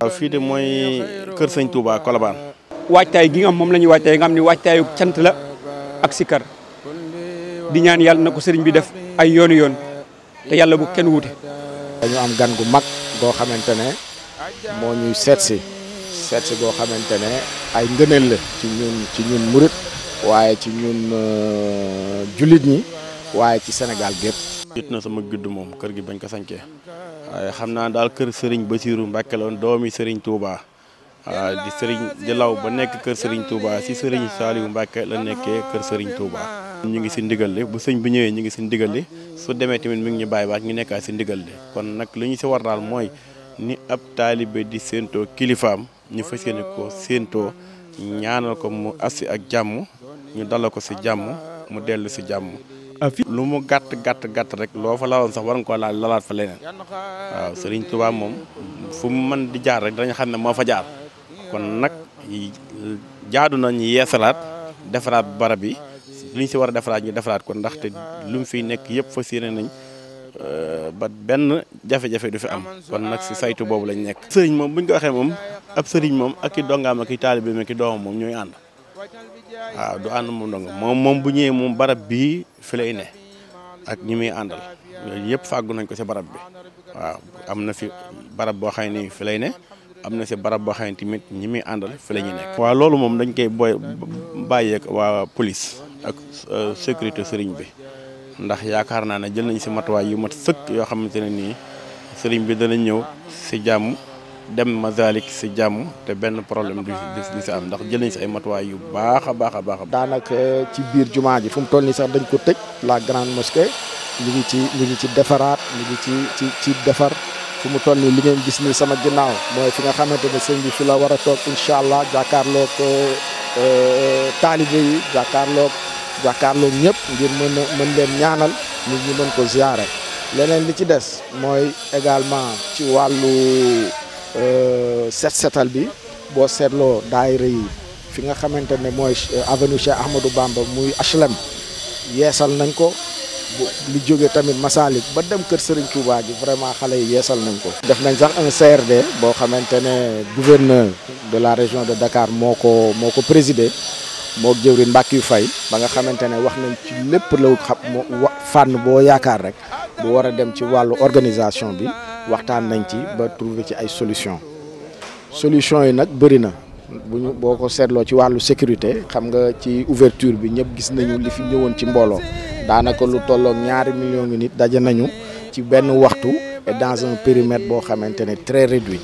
waaw fii de mooy kër sëñ Touba Colobane. waajtaay gi nga xam moom lañuy ñuy waajtaay nga xam ne waajtaayu cant la ak sikkar di ñaan yàlla na ko sëriñ bi def ay yoonu yoon te yàlla bu kenn wuute. dañu am gan gu mag goo xamante ne moo ñuy seet si seet si goo xamante ne ay ngëneel la ci ñun ci ñun murit waaye ci ñun euh, jullit ñi waaye ci Sénégal gépp. jot na sama gudd moom kër gi bañ ko sañcee waaye xam naa daal kër Serigne Bassirou Mbacke la woon doomi Serigne Touba waaw di Serigne di law ba nekk kër Serigne Touba si Serigne Saliou Mbacke la nekkee kër Serigne Touba. ñu ngi si ndigal li bu sëñ bi ñëwee ñu ngi si ndigal li su demee tamit mi ngi ñu bàyyi baat ñu nekkaat si ndigal li kon nag li ñu si war daal mooy ni ab taalibe di séentoo kilifaam ñu fas yéene ko séentoo ñaanal ko mu assi ak jàmm ñu dala ko si jàmm mu dellu si jàmm. afi ah, lu mu gàtt gàtt gàtt rek loo fa laaloon sax war nga koo laal lalaat fa leneen waaw Serigne Touba moom fu mu mën di jaar rek dañu xam ne moo fa jaar kon nag jaadu na ñu yeesalaat defaraat barab bi li ñu si war a defaraat ñu defaraat ko ndaxte lu mu fiy nekk yëpp fas yéene nañ euh, ba benn jafe-jafe du fi am kon nag si saytu boobu lañ nekk. sëriñ moom bu ñu ko waxee moom ab sëriñ moom ak i dongaam ak i taalibe ak doomam moom ñooy ànd waaw du ànd moom dong fi lay ne ak ñi muy àndal yooyu yëpp fàggu nañ ko si barab bi waaw am na fi barab boo xam ne fi lay ne am na si barab boo xam ne tamit ñi muy àndal fi la nekk. waaw loolu moom dañ koy booy bàyyeek waa police ak euh, sécurité sëriñ bi ndax yaakaar naa ne jël nañ si matuwaay yu mat sëkk yoo xamante ne nii sëriñ bi dana ñëw si jàmm. dem Mazalik si jàmm te benn problème du du si am ndax jël nañ si ay matuwaay yu baax a baax a baax. daanaka ci biir jumaa ji fu mu toll nii sax dañ ko tëj la grande mosquée ñu ngi ci ñu ci defaraat ñu ngi ci ci ci defar fu mu toll nii li ngeen gis nii sama ginnaaw mooy fi nga xamante ne sëñ bi fi la war a toog incha allah jàkkaarloog euh, euh, taalibe yi jàkkaarloog jàkkaarloog ñëpp ngir mën a mën leen ñaanal nit ñi ko ziyaare leneen li ci des mooy également ci wàllu. Euh, set setal bi boo seetloo daayira yi fi nga xamante ne mooy euh, avenue Cheikh Ahmadou Bamba muy HLM yeesal nañ ko lu jóge tamit Masalik ba dem kër Serigne Touba gi vraiment xale yi yeesal nañ ko. def nañ sax un CRD boo xamante ne gouverneur de la région de Dakar moo ko moo ko présidé moo jëwriñ Mbackiou Faye ba nga xamante ne wax nañ ci lépp la xam fànn boo yaakaar rek bu war a dem ci wàllu organisation bi. waxtaan nañ ci ba trouver ci ay solution solution yi nag bëri na bu ñu boo ko seetloo ci wàllu sécurité xam nga ci ouverture bi ñëpp gis nañu li fi ñëwoon ci mbooloo daanaka lu tolloog ñaari million ngi nit daje nañu ci benn waxtu et dans un périmètre boo xamante ne très réduit